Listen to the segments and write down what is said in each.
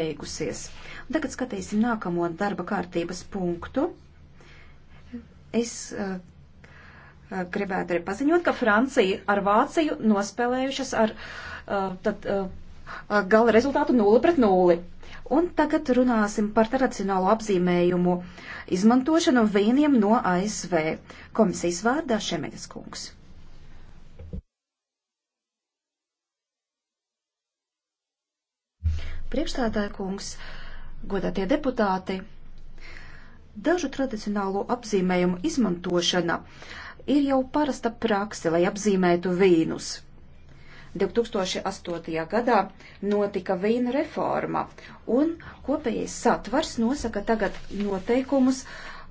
beigusies. Un tagad skatīsim nākamo darba kārtības punktu. Es uh, gribētu arī paziņot, ka Francija ar Vāciju nospēlējušas ar uh, tad, uh, gala rezultātu 0 pret 0. Un tagad runāsim par tradicionālo apzīmējumu izmantošanu vīniem no ASV. Komisijas vārdā Šemeņas kungs. priekšstādāja kungs, godātie deputāti. Dažu tradicionālo apzīmējumu izmantošana ir jau parasta prakse, lai apzīmētu vīnus. 2008. gadā notika vīna reforma, un kopējais satvars nosaka tagad noteikumus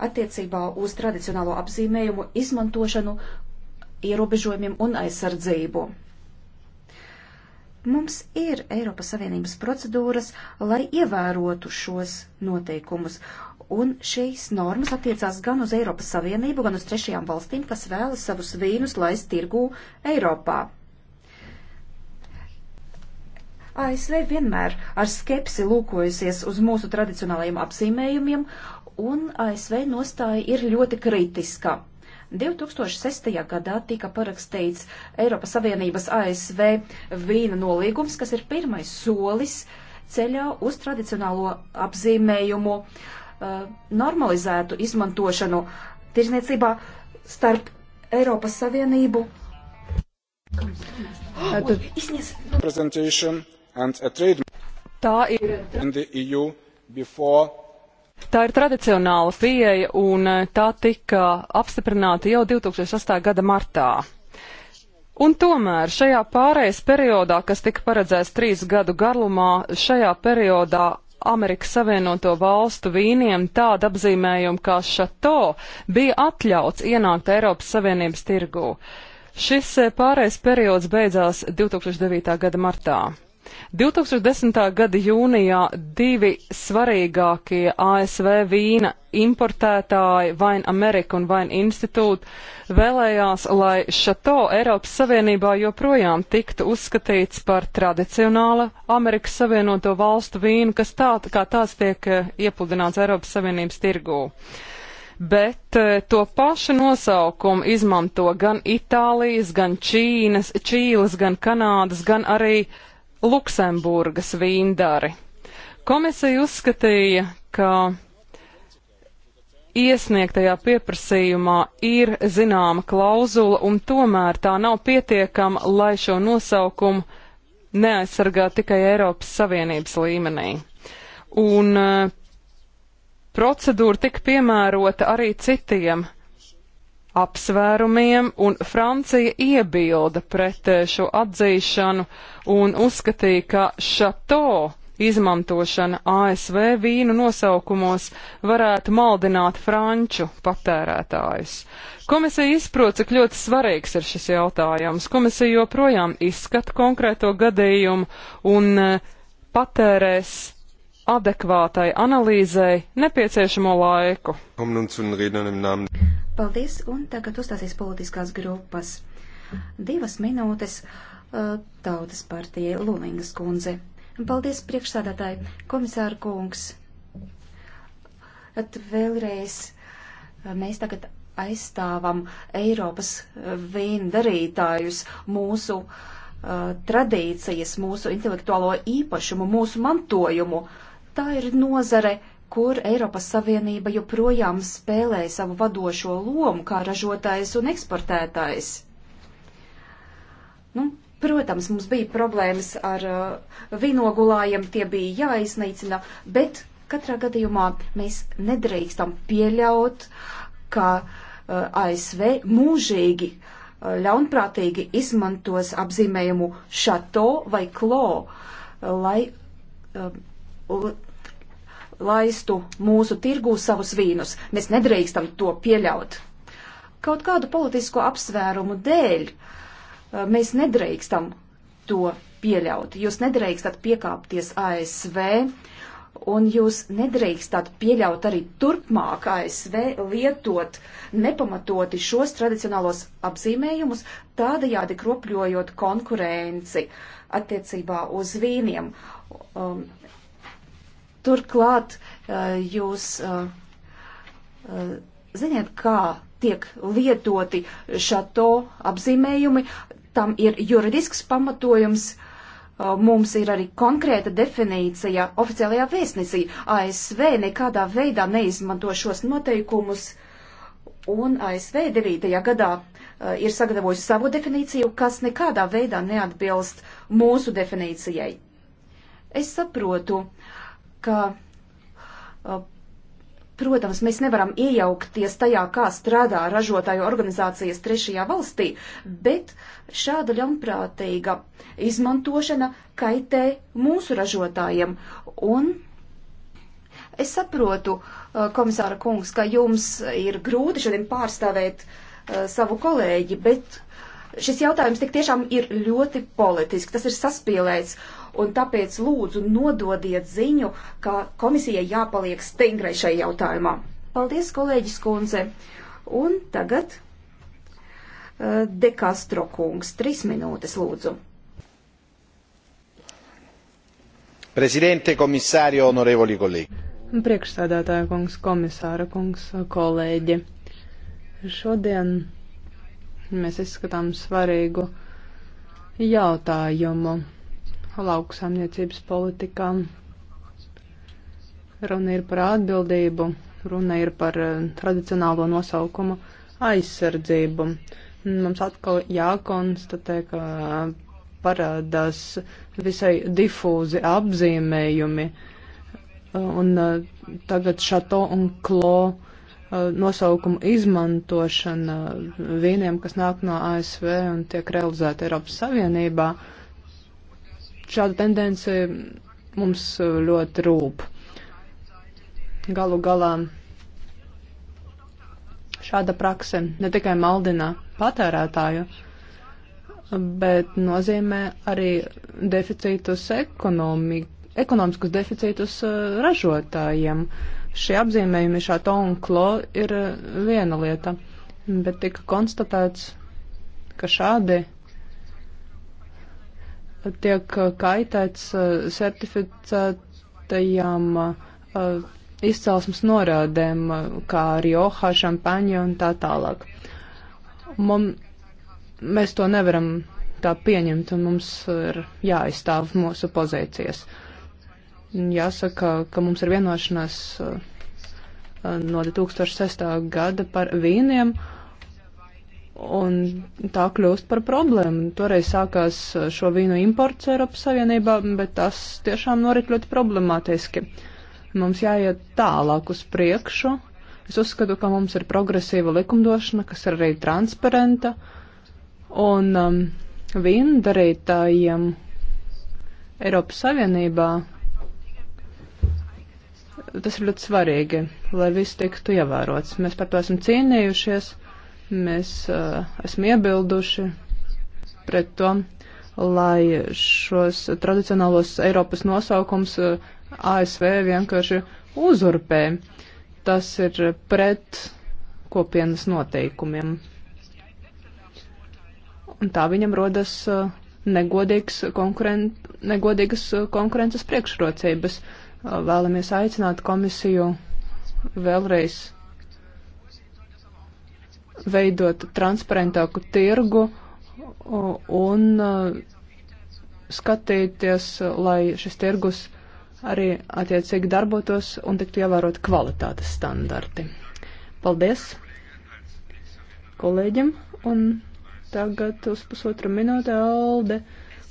attiecībā uz tradicionālo apzīmējumu izmantošanu, ierobežojumiem un aizsardzību. Mums ir Eiropas Savienības procedūras, lai ievērotu šos noteikumus, un šīs normas attiecās gan uz Eiropas Savienību, gan uz trešajām valstīm, kas vēlas savus vīnus laist tirgū Eiropā. ASV vienmēr ar skepsi lūkojusies uz mūsu tradicionālajiem apzīmējumiem, un ASV nostāja ir ļoti kritiska. 2006. gadā tika parakstīts Eiropas Savienības ASV vīna nolīgums, kas ir pirmais solis ceļā uz tradicionālo apzīmējumu uh, normalizētu izmantošanu tirzniecībā starp Eiropas Savienību. Tā ir. Tā ir tradicionāla pieeja, un eh, tā tika apstiprināta jau 2008. gada martā. Un tomēr šajā pārējais periodā, kas tika paredzēts trīs gadu garumā, šajā periodā Amerikas Savienoto Valstu vīniem tāda apzīmējuma kā šato bija atļauts ienākt Eiropas Savienības tirgū. Šis eh, pārējais periods beidzās 2009. gada martā. 2010. gada jūnijā divi svarīgākie ASV vīna importētāji, Vain Amerika un Vain Institute, vēlējās, lai šato Eiropas Savienībā joprojām tiktu uzskatīts par tradicionāla Amerikas Savienoto valstu vīnu, kas tā, kā tās tiek eh, iepludināts Eiropas Savienības tirgū bet eh, to pašu nosaukumu izmanto gan Itālijas, gan Čīnas, Čīles, gan Kanādas, gan arī Luksemburgas vīndari. Komisija uzskatīja, ka iesniegtajā pieprasījumā ir zināma klauzula, un tomēr tā nav pietiekama, lai šo nosaukumu neaizsargā tikai Eiropas Savienības līmenī. Un eh, procedūra tika piemērota arī citiem apsvērumiem, un Francija iebilda pret eh, šo atzīšanu un uzskatīja, ka šato izmantošana ASV vīnu nosaukumos varētu maldināt franču patērētājus. Komisija izprot, cik ļoti svarīgs ir šis jautājums. Komisija joprojām izskata konkrēto gadījumu un eh, patērēs adekvātai analīzei nepieciešamo laiku. Paldies, un tagad uzstāsies politiskās grupas. Divas minūtes tautas partijai Lulingas kundze. Paldies, priekšsādātāji, komisāra kungs. At vēlreiz mēs tagad aizstāvam Eiropas vīnu darītājus mūsu uh, tradīcijas, mūsu intelektuālo īpašumu, mūsu mantojumu. Uh, Tā ir nozare, kur Eiropas Savienība joprojām spēlē savu vadošo lomu kā ražotājs un eksportētājs. Nu, protams, mums bija problēmas ar uh, vinogulājiem, tie bija jāiznīcina, bet katrā gadījumā mēs nedrīkstam pieļaut, ka uh, ASV mūžīgi uh, ļaunprātīgi izmantos apzīmējumu šato vai klo, uh, lai. Uh, laistu mūsu tirgū savus vīnus. Mēs nedrīkstam to pieļaut. Kaut kādu politisko apsvērumu dēļ uh, mēs nedrīkstam to pieļaut. Jūs nedrīkstat piekāpties ASV, un jūs nedrīkstat pieļaut arī turpmāk ASV lietot nepamatoti šos tradicionālos apzīmējumus, tādajādi kropļojot konkurenci attiecībā uz vīniem. Um, Turklāt jūs ziniet, kā tiek lietoti šato apzīmējumi, tam ir juridisks pamatojums. Mums ir arī konkrēta definīcija oficiālajā vēstnesī. ASV nekādā veidā neizmanto šos noteikumus, un ASV 9. gadā ir sagatavojusi savu definīciju, kas nekādā veidā neatbilst mūsu definīcijai. Es saprotu, uh, ka, uh, protams, mēs nevaram iejaukties tajā, kā strādā ražotāju organizācijas trešajā valstī, bet šāda ļaunprātīga izmantošana kaitē mūsu ražotājiem. Un es saprotu, uh, komisāra kungs, ka jums ir grūti šodien pārstāvēt uh, savu kolēģi, bet šis jautājums tik tiešām ir ļoti politisks, tas ir saspīlēts, un tāpēc lūdzu nododiet ziņu, ka komisijai jāpaliek stingrai šai jautājumā. Paldies, kolēģis Kunze! Un tagad uh, eh, Dekastro kungs, trīs minūtes lūdzu. Prezidente, komisāri, honorevoli kolēģi. Priekšsēdētāja kungs, komisāra kungs, kolēģi. Šodien mēs izskatām svarīgu jautājumu lauksaimniecības politikām. Runa ir par atbildību, runa ir par eh, tradicionālo nosaukumu aizsardzību. Mums atkal jākonstatē, ka parādās visai difūzi apzīmējumi, un eh, tagad šato un klo eh, nosaukumu izmantošana vīniem, kas nāk no ASV un tiek realizēta Eiropas Savienībā. Uh, Šāda tendence mums e, ļoti rūp. Galu galā šāda prakse ne tikai maldina patērētāju, bet nozīmē arī deficītus ekonomi, ekonomiskus deficītus e, ražotājiem. Šie apzīmējumi šā tonklo ir e, viena lieta, bet tika konstatēts, ka šādi tiek uh, kaitēts uh, certificētajām uh, izcelsmes norādēm, kā Rioja, Šampaņa un tā tālāk. Mom, mēs to nevaram tā pieņemt, un mums ir jāizstāv mūsu pozīcijas. Jāsaka, ka mums ir vienošanās no 2006. gada par vīniem. Uh, Un tā kļūst par problēmu. Toreiz sākās uh, šo vīnu imports Eiropas Savienībā, bet tas tiešām norit ļoti problemātiski. Mums jāiet tālāk uz priekšu. Es uzskatu, ka mums ir progresīva likumdošana, kas ir arī transparenta. Un um, vīndarītājiem Eiropas Savienībā tas ir ļoti svarīgi, lai viss tiktu ievērots. Mēs par to esam cīnījušies Mēs uh, esam iebilduši pret to, lai šos tradicionālos Eiropas nosaukums uh, ASV vienkārši uzurpē. Tas ir pret kopienas noteikumiem. Un tā viņam rodas uh, konkuren negodīgas konkurences priekšrocības. Vēlamies aicināt komisiju vēlreiz veidot transparentāku tirgu un e, skatīties, lai šis tirgus arī attiecīgi darbotos un tiktu ievērot kvalitātes standarti. Paldies kolēģim un tagad uz pusotru minūti Alde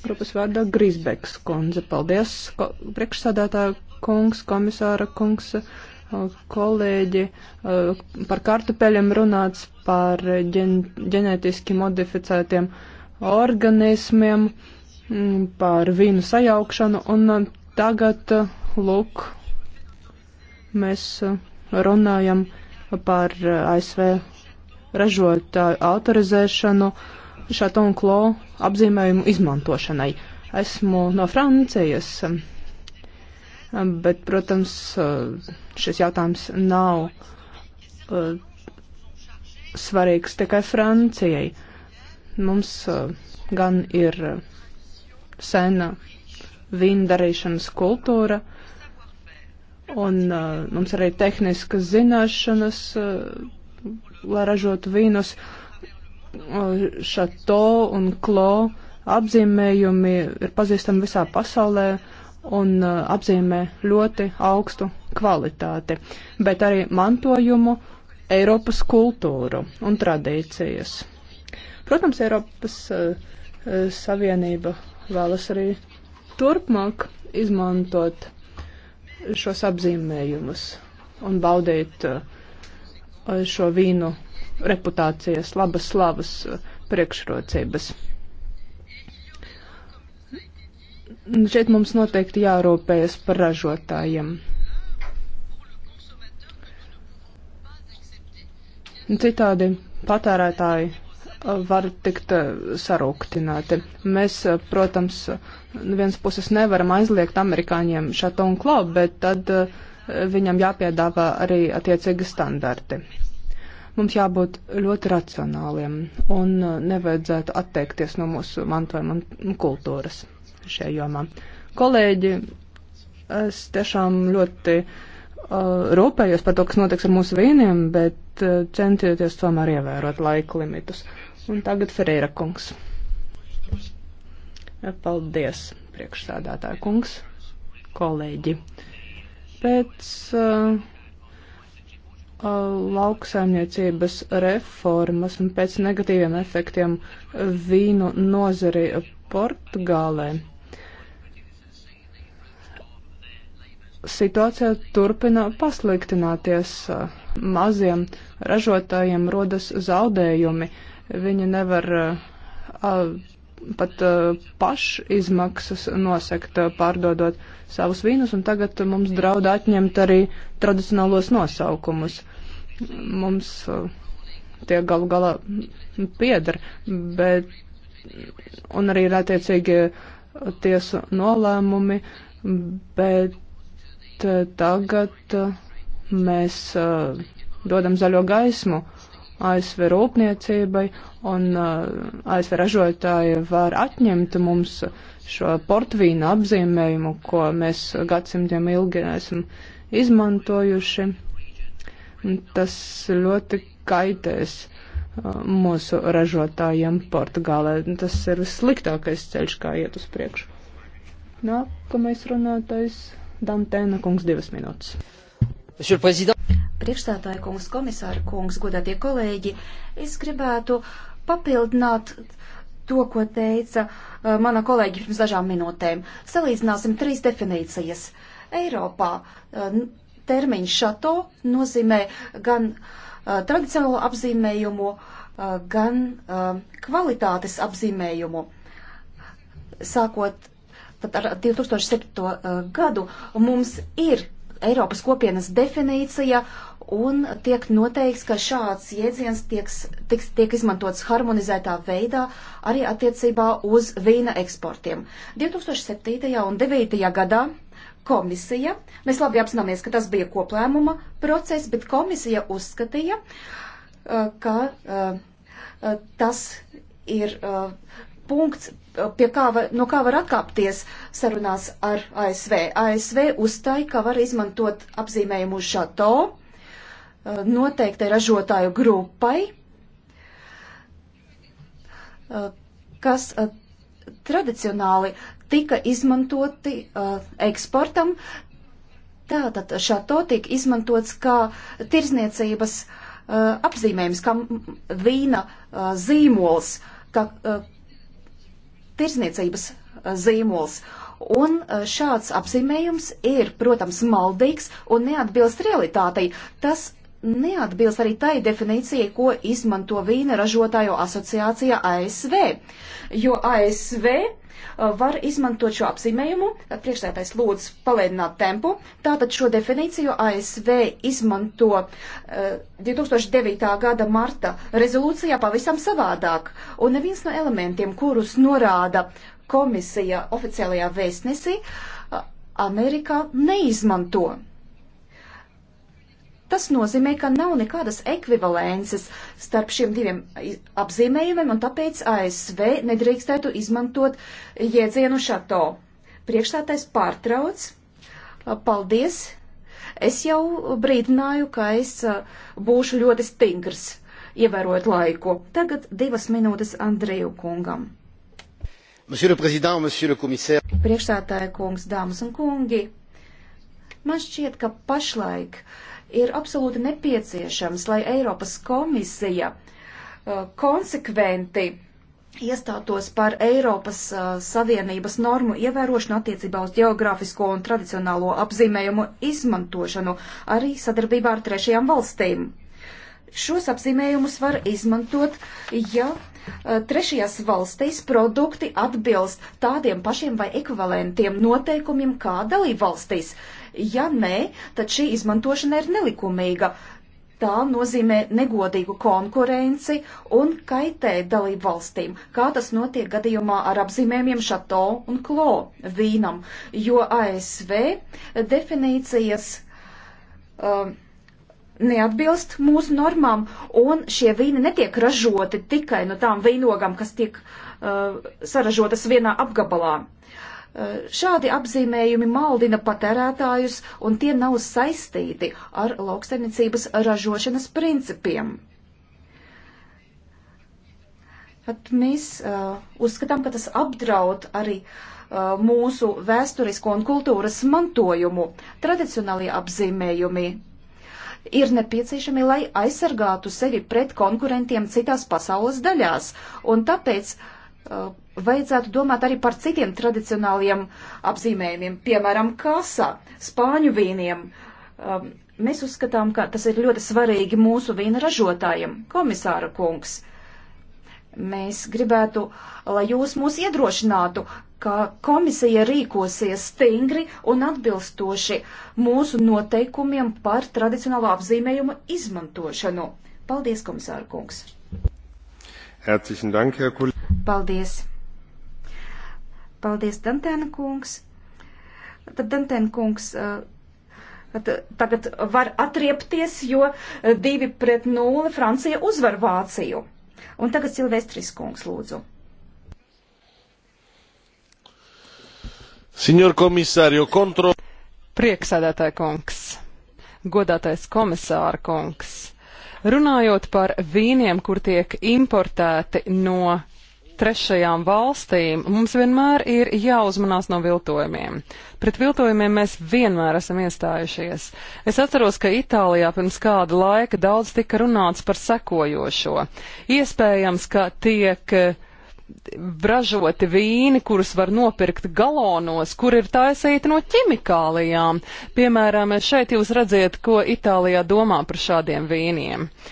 grupas vārdā Grisbeks kundze. Paldies ko, priekšsādātā kungs, komisāra kungs. Uh, kolēģi eh, par kartupeļiem runāts, par ģen, ģenētiski modificētiem organismiem, mm, par vīnu sajaukšanu, un eh, tagad, eh, lūk, mēs runājam par ASV ražotāju autorizēšanu šatonu klo apzīmējumu izmantošanai. Esmu no Francijas, bet, protams, šis jautājums nav eh, svarīgs tikai Francijai. Mums eh, gan ir eh, sena vīndarīšanas kultūra, un mums arī tehniskas zināšanas, lai ražotu vīnus. Šato un klo apzīmējumi ir pazīstami visā pasaulē. Uh, un uh, apzīmē ļoti augstu kvalitāti, bet arī mantojumu, Eiropas kultūru un tradīcijas. Protams, Eiropas uh, uh Savienība vēlas arī turpmāk izmantot šos apzīmējumus un baudīt uh, uh šo vīnu reputācijas labas slavas priekšrocības. Šeit mums noteikti jārūpējas par ražotājiem. Citādi patērētāji uh, var tikt uh, sarūktināti. Mēs, uh, protams, nu, viens puses nevaram aizliegt amerikāņiem šatonu klubu, bet tad viņam jāpiedāvā arī attiecīgi standarti. Mums jābūt ļoti racionāliem un nevajadzētu atteikties no mūsu mantojuma un kultūras šajā jomā. Kolēģi, es tiešām ļoti uh, rūpējos par to, kas notiks ar mūsu vīniem, bet uh, centieties tomēr ievērot laika limitus. Un tagad Ferreira kungs. Paldies, priekšsādātāja kungs, kolēģi. Pēc uh, lauksaimniecības reformas un pēc negatīviem efektiem vīnu nozari Portugālē. situācija turpina pasliktināties. Maziem ražotājiem rodas zaudējumi. Viņi nevar pat pašizmaksas nosekt, pārdodot savus vīnus, un tagad mums draud atņemt arī tradicionālos nosaukumus. Mums tie galu galā pieder, bet un arī ir attiecīgi tiesu nolēmumi, bet bet eh, tagad eh, mēs eh, dodam zaļo gaismu ASV rūpniecībai, un ASV ražotāji var atņemt mums šo portvīnu apzīmējumu, ko mēs gadsimtiem ilgi esam izmantojuši. Tas ļoti kaitēs mūsu ražotājiem Portugālē. Tas ir vissliktākais ceļš, kā iet uz priekšu. Nākamais runātais. Dantēna kungs divas minūtes. Priekšstādāja kungs, komisāra kungs, godātie kolēģi, es gribētu papildināt to, ko teica uh, mana kolēģi pirms dažām minūtēm. Salīdzināsim trīs definīcijas. Eiropā uh, termiņš šato nozīmē gan uh, tradicionālo apzīmējumu, uh, gan uh, kvalitātes apzīmējumu. Sākot tad ar 2007. Eh, gadu mums ir Eiropas kopienas definīcija un tiek noteikts, ka šāds jēdziens tiek, tiek, tiek izmantots harmonizētā veidā arī attiecībā uz vīna eksportiem. 2007. un 2009. gadā komisija, mēs labi apzināmies, ka tas bija koplēmuma process, bet komisija uzskatīja, eh, ka eh, tas ir punkts, eh, kā var, no kā var atkāpties sarunās ar ASV. ASV uzstāja, ka var izmantot apzīmējumu šato eh, noteiktai ražotāju grupai, eh, kas tradicionāli tika izmantoti eksportam. Tātad šato tika izmantots kā tirzniecības apzīmējums, kā vīna zīmols, kā tirzniecības eh, zīmols. Un eh, šāds apzīmējums ir, protams, maldīgs un neatbilst realitātei. Tas neatbilst arī tai definīcijai, ko izmanto vīna ražotāju asociācija ASV. Jo ASV Eh, var izmantot šo apzīmējumu, tad eh, priekšsētājs lūdz palēdināt tempu. Tātad šo definīciju ASV izmanto uh, eh, 2009. gada marta rezolūcijā pavisam savādāk, un neviens no elementiem, kurus norāda komisija oficiālajā vēstnesī, uh, Amerikā neizmanto. Tas nozīmē, ka nav nekādas ekvivalences starp šiem diviem apzīmējumiem, un tāpēc ASV nedrīkstētu izmantot jēdzienu šato. Priekšstātais pārtrauc. Paldies! Es jau brīdināju, ka es būšu ļoti stingrs, ievērojot laiku. Tagad divas minūtes Andreju kungam. Priekšstātāja kungs, dāmas un kungi, man šķiet, ka pašlaik uh, ir absolūti nepieciešams, lai Eiropas komisija uh, konsekventi iestātos par Eiropas uh, Savienības normu ievērošanu attiecībā uz geogrāfisko un tradicionālo apzīmējumu izmantošanu arī sadarbībā ar trešajām valstīm. Šos apzīmējumus var izmantot, ja Eh, trešajās valstīs produkti atbilst tādiem pašiem vai ekvivalentiem noteikumiem kā dalība valstīs. Ja nē, tad šī izmantošana ir nelikumīga. Tā nozīmē negodīgu konkurenci un kaitē dalību valstīm, kā tas notiek gadījumā ar apzīmējumiem šato un klo vīnam, jo ASV definīcijas. Um, neatbilst mūsu normām, un šie vīni netiek ražoti tikai no tām vīnogām, kas tiek uh, saražotas vienā apgabalā. Uh, šādi apzīmējumi maldina patērētājus, un tie nav saistīti ar lauksaimniecības ražošanas principiem. At mēs uh, uzskatām, ka tas apdraud arī uh, mūsu vēsturisko un kultūras mantojumu, tradicionālie apzīmējumi ir nepieciešami, lai aizsargātu sevi pret konkurentiem citās pasaules daļās. Un tāpēc uh, vajadzētu domāt arī par citiem tradicionāliem apzīmējumiem, piemēram, kasa, spāņu vīniem. Um, mēs uzskatām, ka tas ir ļoti svarīgi mūsu vīna ražotājiem, komisāra kungs. Uh, Mēs gribētu, lai jūs mūs iedrošinātu, ka komisija rīkosies stingri un atbilstoši mūsu noteikumiem par tradicionālo apzīmējumu izmantošanu. Paldies, komisāra kungs! Herzlichen Dank, Herr Kollege. Paldies! Paldies, Dantēna kungs! Tad Dantēna kungs uh, tagad var atriepties, jo divi pret nulli Francija uzvar Vāciju. Un tagad Silvestris kungs lūdzu. Signor komisārio, kontrol. Prieksēdētāja kungs, godātais komisāra kungs, runājot par vīniem, kur tiek importēti no trešajām valstīm, mums vienmēr ir jāuzmanās no viltojumiem. Pret viltojumiem mēs vienmēr esam iestājušies. Es atceros, ka Itālijā pirms kāda laika daudz tika runāts par sekojošo. Iespējams, ka tiek eh, ražoti vīni, kurus var nopirkt galonos, kur ir taisīti no ķimikālijām. Piemēram, šeit jūs redziet, ko Itālijā domā par šādiem vīniem. Uh,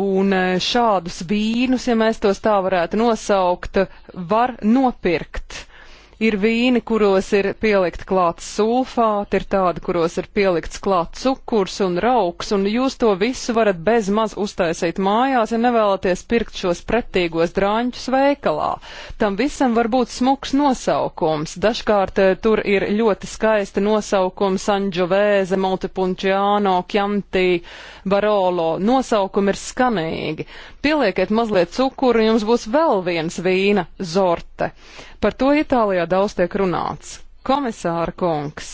Un eh, šādus vīnus, ja mēs tos tā varētu nosaukt, var nopirkt Ir vīni, kuros ir pielikt klāt sulfāti, ir tādi, kuros ir pielikts klāt cukurs un rauks, un jūs to visu varat bez maz uztaisīt mājās, ja nevēlaties pirkt šos pretīgos drāņķus veikalā. Tam visam var būt smuks nosaukums. Dažkārt eh, tur ir ļoti skaisti nosaukumi Sanģovēze, Montepunčiāno, Kjantī, Barolo. Nosaukumi ir skanīgi. Pielieciet mazliet cukuru, un jums būs vēl viens vīna zorte. Par to Itālijā daudz tiek runāts. Komisāra kungs,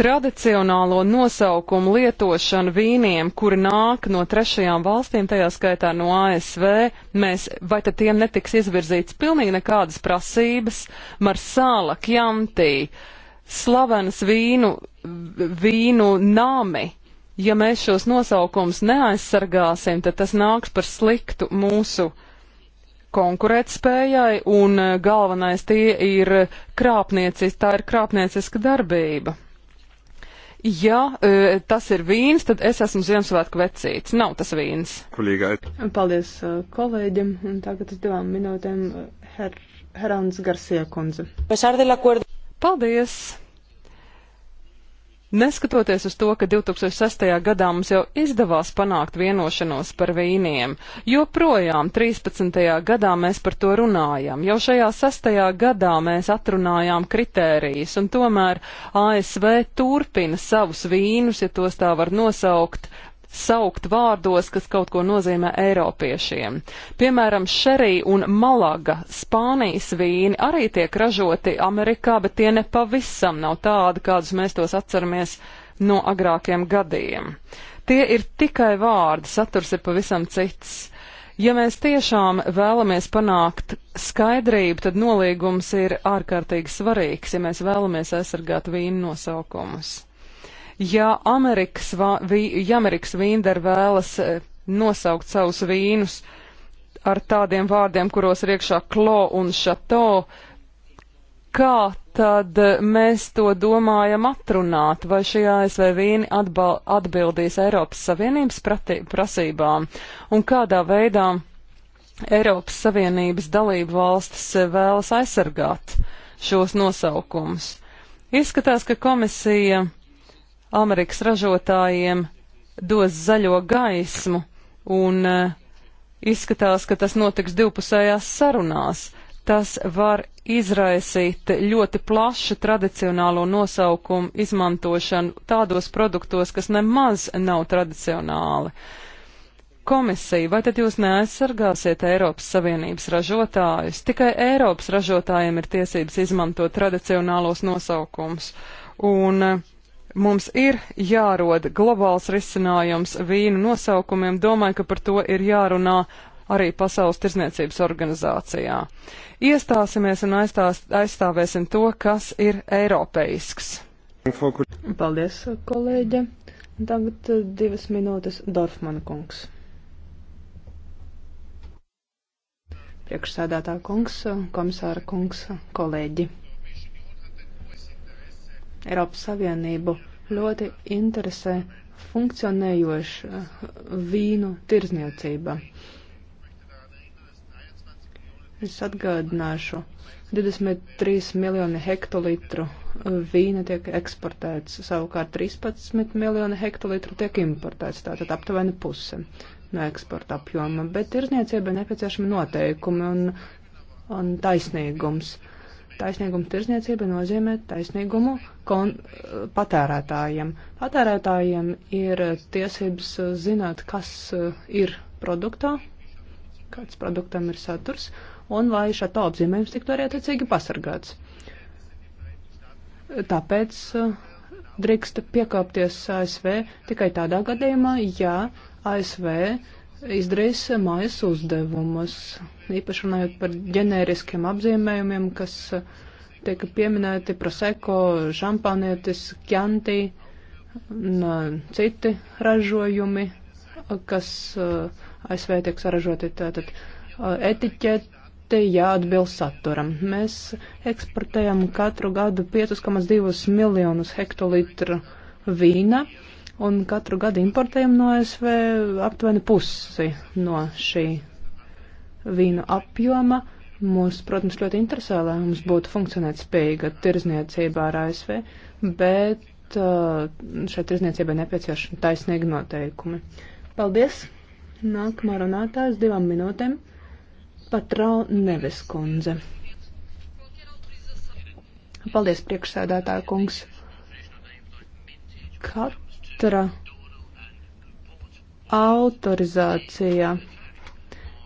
tradicionālo nosaukumu lietošanu vīniem, kuri nāk no trešajām valstīm, tajā skaitā no ASV, mēs, vai tad tiem netiks izvirzīts pilnīgi nekādas prasības, marsāla, kjantī, slavenas vīnu, vīnu nami, ja mēs šos nosaukums neaizsargāsim, tad tas nāks par sliktu mūsu konkurētspējai, un eh, galvenais tie ir krāpniecis, tā ir krāpnieciska darbība. Ja e, tas ir vīns, tad es esmu Ziemassvētku vecīts. Nav tas vīns. Kulīgai. Paldies eh, kolēģim, un tagad uz divām minūtēm Her Herāns Garsie kundze. Paldies! Neskatoties uz to, ka 2006. gadā mums jau izdevās panākt vienošanos par vīniem, joprojām 13. gadā mēs par to runājam. Jau šajā 6. gadā mēs atrunājām kritērijas, un tomēr ASV turpina savus vīnus, ja tos tā var nosaukt, saukt vārdos, kas kaut ko nozīmē eiropiešiem. Piemēram, šerī un malaga Spānijas vīni arī tiek ražoti Amerikā, bet tie nepavisam nav tādi, kādus mēs tos atceramies no agrākiem gadiem. Tie ir tikai vārdi, saturs ir pavisam cits. Ja mēs tiešām vēlamies panākt skaidrību, tad nolīgums ir ārkārtīgi svarīgs, ja mēs vēlamies aizsargāt vīnu nosaukumus. Ja Amerikas, ja Amerikas vīnderi vēlas eh, nosaukt savus vīnus ar tādiem vārdiem, kuros ir iekšā klo un šato, kā tad eh, mēs to domājam atrunāt, vai šie ASV vīni atbal, atbildīs Eiropas Savienības pratī, prasībām un kādā veidā Eiropas Savienības dalību valstis eh, vēlas aizsargāt šos nosaukumus. Izskatās, ka komisija uh, Amerikas ražotājiem dos zaļo gaismu un eh, izskatās, ka tas notiks divpusējās sarunās. Tas var izraisīt ļoti plašu tradicionālo nosaukumu izmantošanu tādos produktos, kas nemaz nav tradicionāli. Komisija, vai tad jūs neaizsargāsiet Eiropas Savienības ražotājus? Tikai Eiropas ražotājiem ir tiesības izmantot tradicionālos nosaukumus. Un uh, Mums ir jārod globāls risinājums vīnu nosaukumiem. Domāju, ka par to ir jārunā arī Pasaules tirzniecības organizācijā. Iestāsimies un aizstās, aizstāvēsim to, kas ir eiropeisks. Paldies, kolēģe. Tagad eh, divas minūtes Dorfmana kungs. Priekšsēdētā kungs, komisāra kungs, kolēģi. Eiropas Savienību ļoti interesē funkcionējoša vīnu tirzniecība. Es atgādināšu, 23 miljoni hektolitru vīna tiek eksportēts, savukārt 13 miljoni hektolitru tiek importēts, tātad aptuveni puse no eksporta apjoma, bet tirzniecība nepieciešama noteikumi un, un taisnīgums. Uh, taisnīguma tirzniecība nozīmē taisnīgumu kon, patērētājiem. Patērētājiem ir tiesības zināt, kas eh, ir produktā, kāds produktam ir saturs, un lai šāda apzīmējums tiktu arī attiecīgi pasargāts. Tāpēc eh, drīkst piekāpties ASV tikai tādā gadījumā, ja ASV uh, izdarīs mājas uzdevumus, īpaši runājot par ģenēriskiem apzīmējumiem, kas eh, tiek pieminēti proseko, šampanietis, kjantī un eh, citi ražojumi, kas eh, ASV tiek saražoti tātad etiķeti jāatbilst saturam. Mēs eksportējam katru gadu 5,2 miljonus hektolitru vīna. Uh, un katru gadu importējam no ASV aptuveni pusi no šī vīnu apjoma. Mūs, protams, ļoti interesē, lai mums būtu funkcionēt spējīga tirzniecība ar ASV, bet uh, šai tirzniecībai nepieciešami taisnīgi noteikumi. Paldies! Nākamā runātājs divām minūtēm - Patrau Neves kundze. Paldies, priekšsēdētāja kungs! Kat otra autorizācija,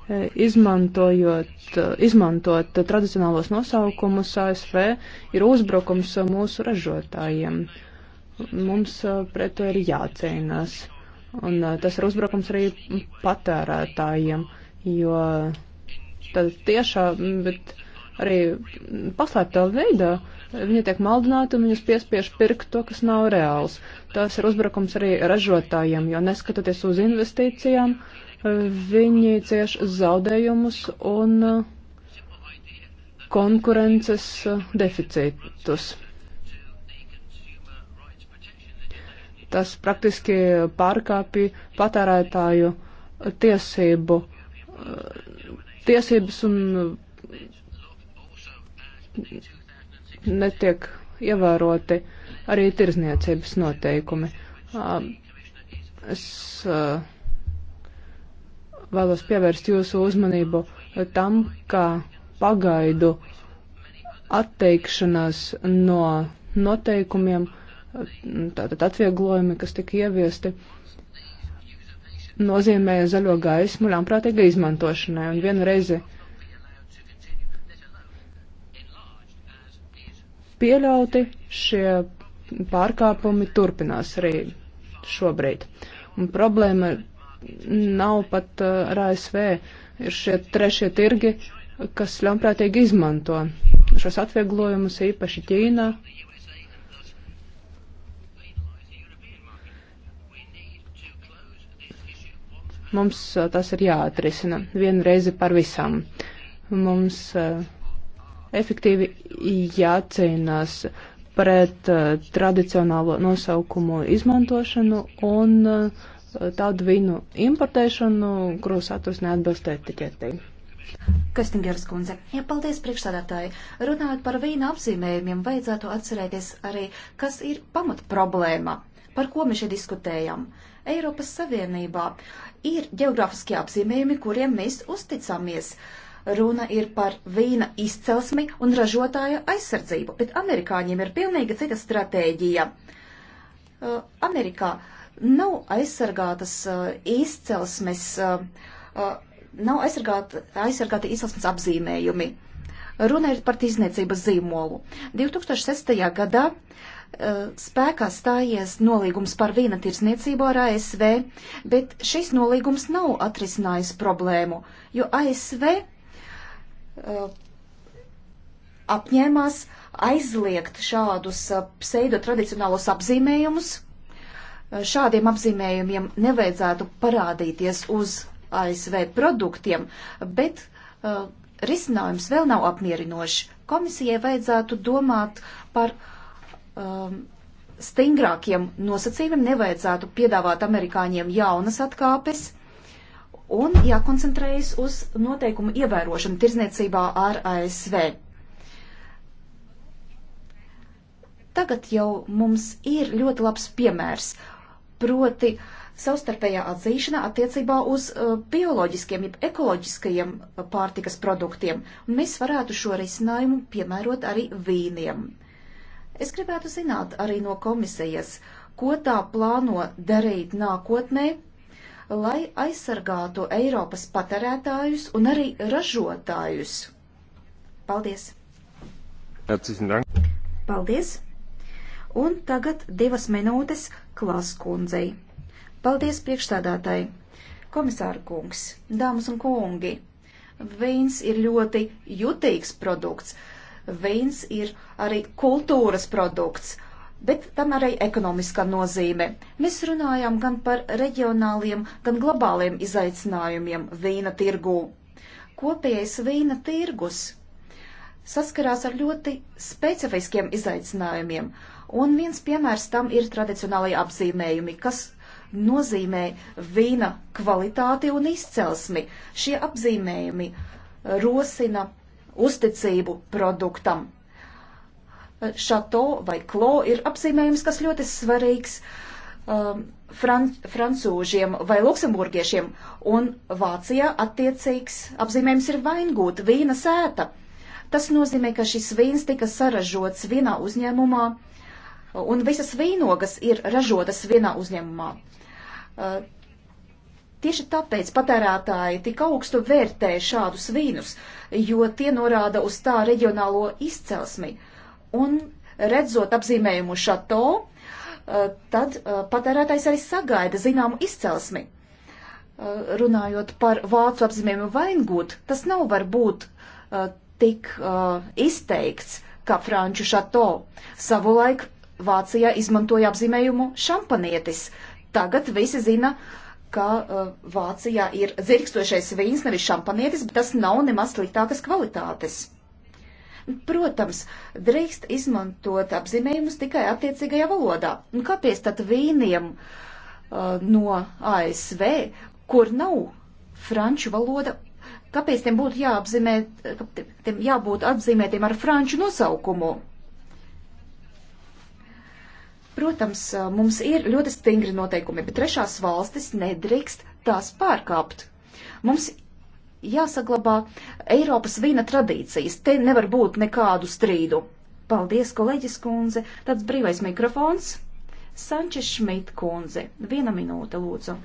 e, izmantojot, e, izmantot tradicionālos nosaukumus ASV, ir uzbrukums mūsu ražotājiem. Mums e, pret to ir jācīnās. Un tas ir uzbrukums arī patērētājiem, jo tad tiešā, bet arī paslēptā veidā. Viņi tiek maldināti un viņus piespiež pirkt to, kas nav reāls. Tas ir uzbrukums arī ražotājiem, jo neskatoties uz investīcijām, viņi cieš zaudējumus un konkurences deficītus. tas praktiski pārkāpja patērētāju tiesību, tiesības un netiek ievēroti arī tirzniecības noteikumi. Es vēlos pievērst jūsu uzmanību tam, kā pagaidu atteikšanās no noteikumiem, tātad atvieglojumi, kas tika ieviesti, nozīmēja zaļo gaismu ļaunprātīgai izmantošanai. Un vienreiz uh, pieļauti, šie pārkāpumi turpinās arī šobrīd. Un problēma nav pat ar ASV, ir šie trešie tirgi, kas ļaunprātīgi izmanto šos atvieglojumus, īpaši Ķīnā. Mums tas ir jāatrisina vienreizi par visām. Mums uh, efektīvi jācīnās pret uh, tradicionālo nosaukumu izmantošanu un uh, tādu vīnu importēšanu, kuru saturs neatbilst etiķetei. Kastingers kundze, ja paldies priekšsādātāji, runājot par vīna apzīmējumiem, vajadzētu atcerēties arī, kas ir pamat problēma, par ko mēs šeit diskutējam. Eiropas Savienībā ir geogrāfiskie apzīmējumi, kuriem mēs uzticamies. Uh, runa ir par vīna izcelsmi un ražotāja aizsardzību, bet amerikāņiem ir pilnīgi cita stratēģija. Uh, Amerikā nav aizsargātas uh, izcelsmes, uh, uh nav aizsargāta, aizsargāta izcelsmes apzīmējumi. Runa ir par tirzniecības zīmolu. 2006. gadā uh, spēkā stājies nolīgums par vīna tirsniecību ar ASV, bet šis nolīgums nav atrisinājis problēmu, jo ASV Uh, apņēmās aizliegt šādus uh, pseido tradicionālos apzīmējumus. Uh, šādiem apzīmējumiem nevajadzētu parādīties uz ASV produktiem, bet uh, risinājums vēl nav apmierinošs. Komisijai vajadzētu domāt par um, stingrākiem nosacījumiem, nevajadzētu piedāvāt amerikāņiem jaunas atkāpes un jākoncentrējas uz noteikumu ievērošanu tirzniecībā ar ASV. Tagad jau mums ir ļoti labs piemērs, proti savstarpējā atzīšana attiecībā uz e, bioloģiskiem, jeb ekoloģiskajiem e, pārtikas produktiem, un mēs varētu šo risinājumu piemērot arī vīniem. Es gribētu zināt arī no komisijas, ko tā plāno darīt nākotnē, lai aizsargātu Eiropas patērētājus un arī ražotājus. Paldies! Paldies! Un tagad divas minūtes klaskundzei. Paldies priekšstādātai! Komisāra kungs, dāmas un kungi! Vīns ir ļoti jutīgs produkts. Vīns ir arī kultūras produkts bet tam arī ekonomiskā nozīme. Mēs runājam gan par reģionāliem, gan globāliem izaicinājumiem vīna tirgū. Kopējais vīna tirgus saskarās ar ļoti specifiskiem izaicinājumiem, un viens piemērs tam ir tradicionālai apzīmējumi, kas nozīmē vīna kvalitāti un izcelsmi. Šie apzīmējumi rosina uzticību produktam šato vai klo ir apzīmējums, kas ļoti svarīgs um, fran francūžiem vai luksemburgiešiem, un Vācijā attiecīgs apzīmējums ir vaingūt, vīna sēta. Tas nozīmē, ka šis vīns tika saražots vienā uzņēmumā, un visas vīnogas ir ražotas vienā uzņēmumā. Uh, tieši tāpēc patērētāji tik augstu vērtē šādus vīnus, jo tie norāda uz tā reģionālo izcelsmi. Uh, un redzot apzīmējumu šato, eh, tad eh, patērētājs arī sagaida zināmu izcelsmi. Eh, runājot par vācu apzīmējumu vaingūt, tas nav varbūt tik izteikts kā franču šato. Savulaik Vācijā izmantoja apzīmējumu šampanietis. Tagad visi zina, ka uh, Vācijā ir dzirkstošais vīns, nevis šampanietis, bet tas nav nemaz sliktākas kvalitātes. Protams, drīkst izmantot apzīmējumus tikai attiecīgajā valodā. Un kāpēc tad vīniem uh, no ASV, kur nav franču valoda, kāpēc tiem būtu jāapzīmē, tiem jābūt apzīmētiem ar franču nosaukumu? Protams, uh, mums ir ļoti stingri noteikumi, bet trešās valstis nedrīkst tās pārkāpt. Mums jāsaglabā Eiropas vīna tradīcijas. Te nevar būt nekādu strīdu. Paldies, kolēģis kundze. Tāds brīvais mikrofons. Sančes Šmit kundze. Viena minūte, lūdzu.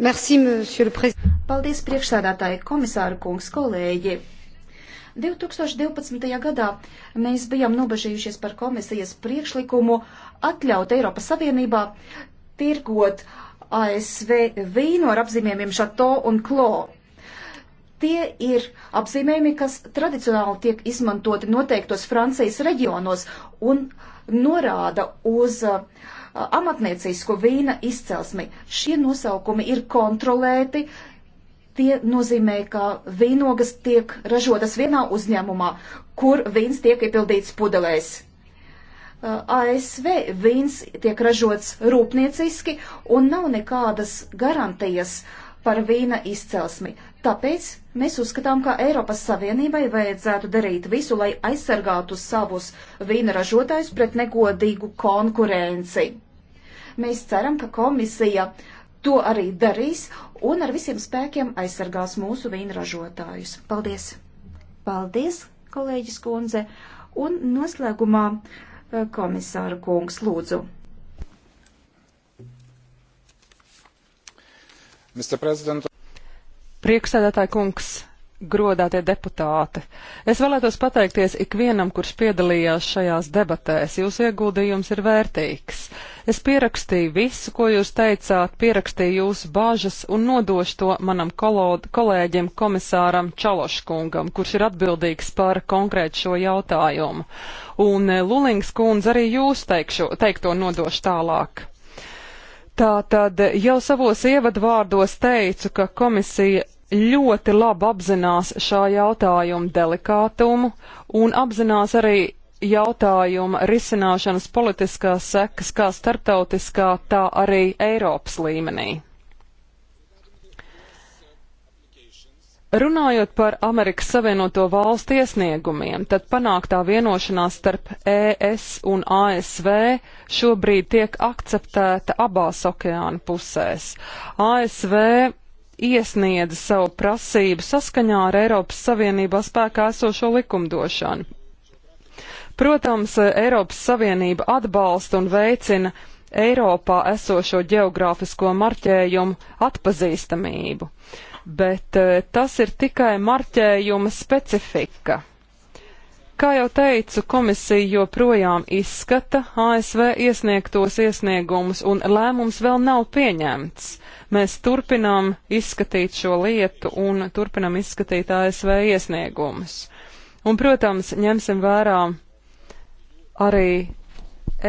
Merci, Paldies, priekšsēdētāji, komisāra kungs, kolēģi. 2012. gadā mēs bijām nobežījušies par komisijas priekšlikumu atļaut Eiropas Savienībā tirgot uh, ASV vīnu ar apzīmējumiem šato un klo. Tie ir apzīmējumi, kas tradicionāli tiek izmantoti noteiktos Francijas reģionos un norāda uz uh, amatniecisko vīna izcelsmi. Šie nosaukumi ir kontrolēti. Tie nozīmē, ka vīnogas tiek ražotas vienā uzņēmumā, kur vīns tiek iepildīts pudelēs. ASV vīns tiek ražots rūpnieciski un nav nekādas garantijas par vīna izcelsmi. Tāpēc mēs uzskatām, ka Eiropas Savienībai vajadzētu darīt visu, lai aizsargātu savus vīna ražotājus pret negodīgu konkurenci. Mēs ceram, ka komisija to arī darīs un ar visiem spēkiem aizsargās mūsu vīna ražotājus. Paldies! Paldies, kolēģis Kunze! Un noslēgumā uh, Eh, komisāra kungs, lūdzu. Priekšsēdētāja kungs, Godātie deputāti, es vēlētos pateikties ikvienam, kurš piedalījās šajās debatēs. Jūsu ieguldījums ir vērtīgs. Es pierakstīju visu, ko jūs teicāt, pierakstīju jūsu bāžas un nodošu to manam kolēģim komisāram Čaloškungam, kurš ir atbildīgs par konkrētu šo jautājumu. Un eh, Lulings kundze arī jūs teikšu, teikto nodošu tālāk. Tātad jau savos ievadvārdos teicu, ka komisija ļoti labi apzinās šā jautājuma delikātumu un apzinās arī jautājuma risināšanas politiskās sekas kā starptautiskā, tā arī Eiropas līmenī. Runājot par Amerikas Savienoto Valstu iesniegumiem, tad panāktā vienošanās starp ES un ASV šobrīd tiek akceptēta abās okeāna pusēs. ASV iesniedza savu prasību saskaņā ar Eiropas Savienībā spēkā esošo likumdošanu. Protams, Eiropas Savienība atbalsta un veicina Eiropā esošo geogrāfisko marķējumu atpazīstamību, bet eh, tas ir tikai marķējuma specifika. Kā jau teicu, komisija joprojām izskata ASV iesniegtos iesniegumus, un lēmums vēl nav pieņemts. Mēs turpinām izskatīt šo lietu un turpinām izskatīt ASV iesniegumus. Un, protams, ņemsim vērā arī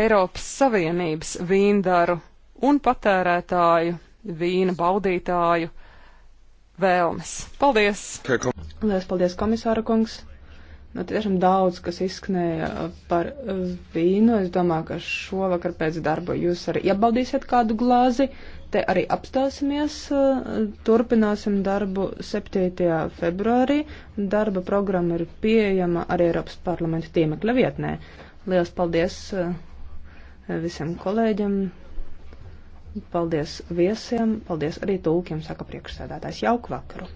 Eiropas Savienības vīndaru un patērētāju, vīna baudītāju vēlmes. Paldies! Lielas paldies, komisāra kungs! Nu, tiešām daudz, kas izskanēja par vīnu. Es domāju, ka šovakar pēc darba jūs arī iebaudīsiet kādu glāzi. Te arī apstāsimies, turpināsim darbu 7. februārī. Darba programma ir pieejama arī Eiropas parlamenta tiemekļa vietnē. Lielas paldies eh, visiem kolēģiem, paldies viesiem, paldies arī tulkiem, saka priekšsēdētājs. Jauku vakaru!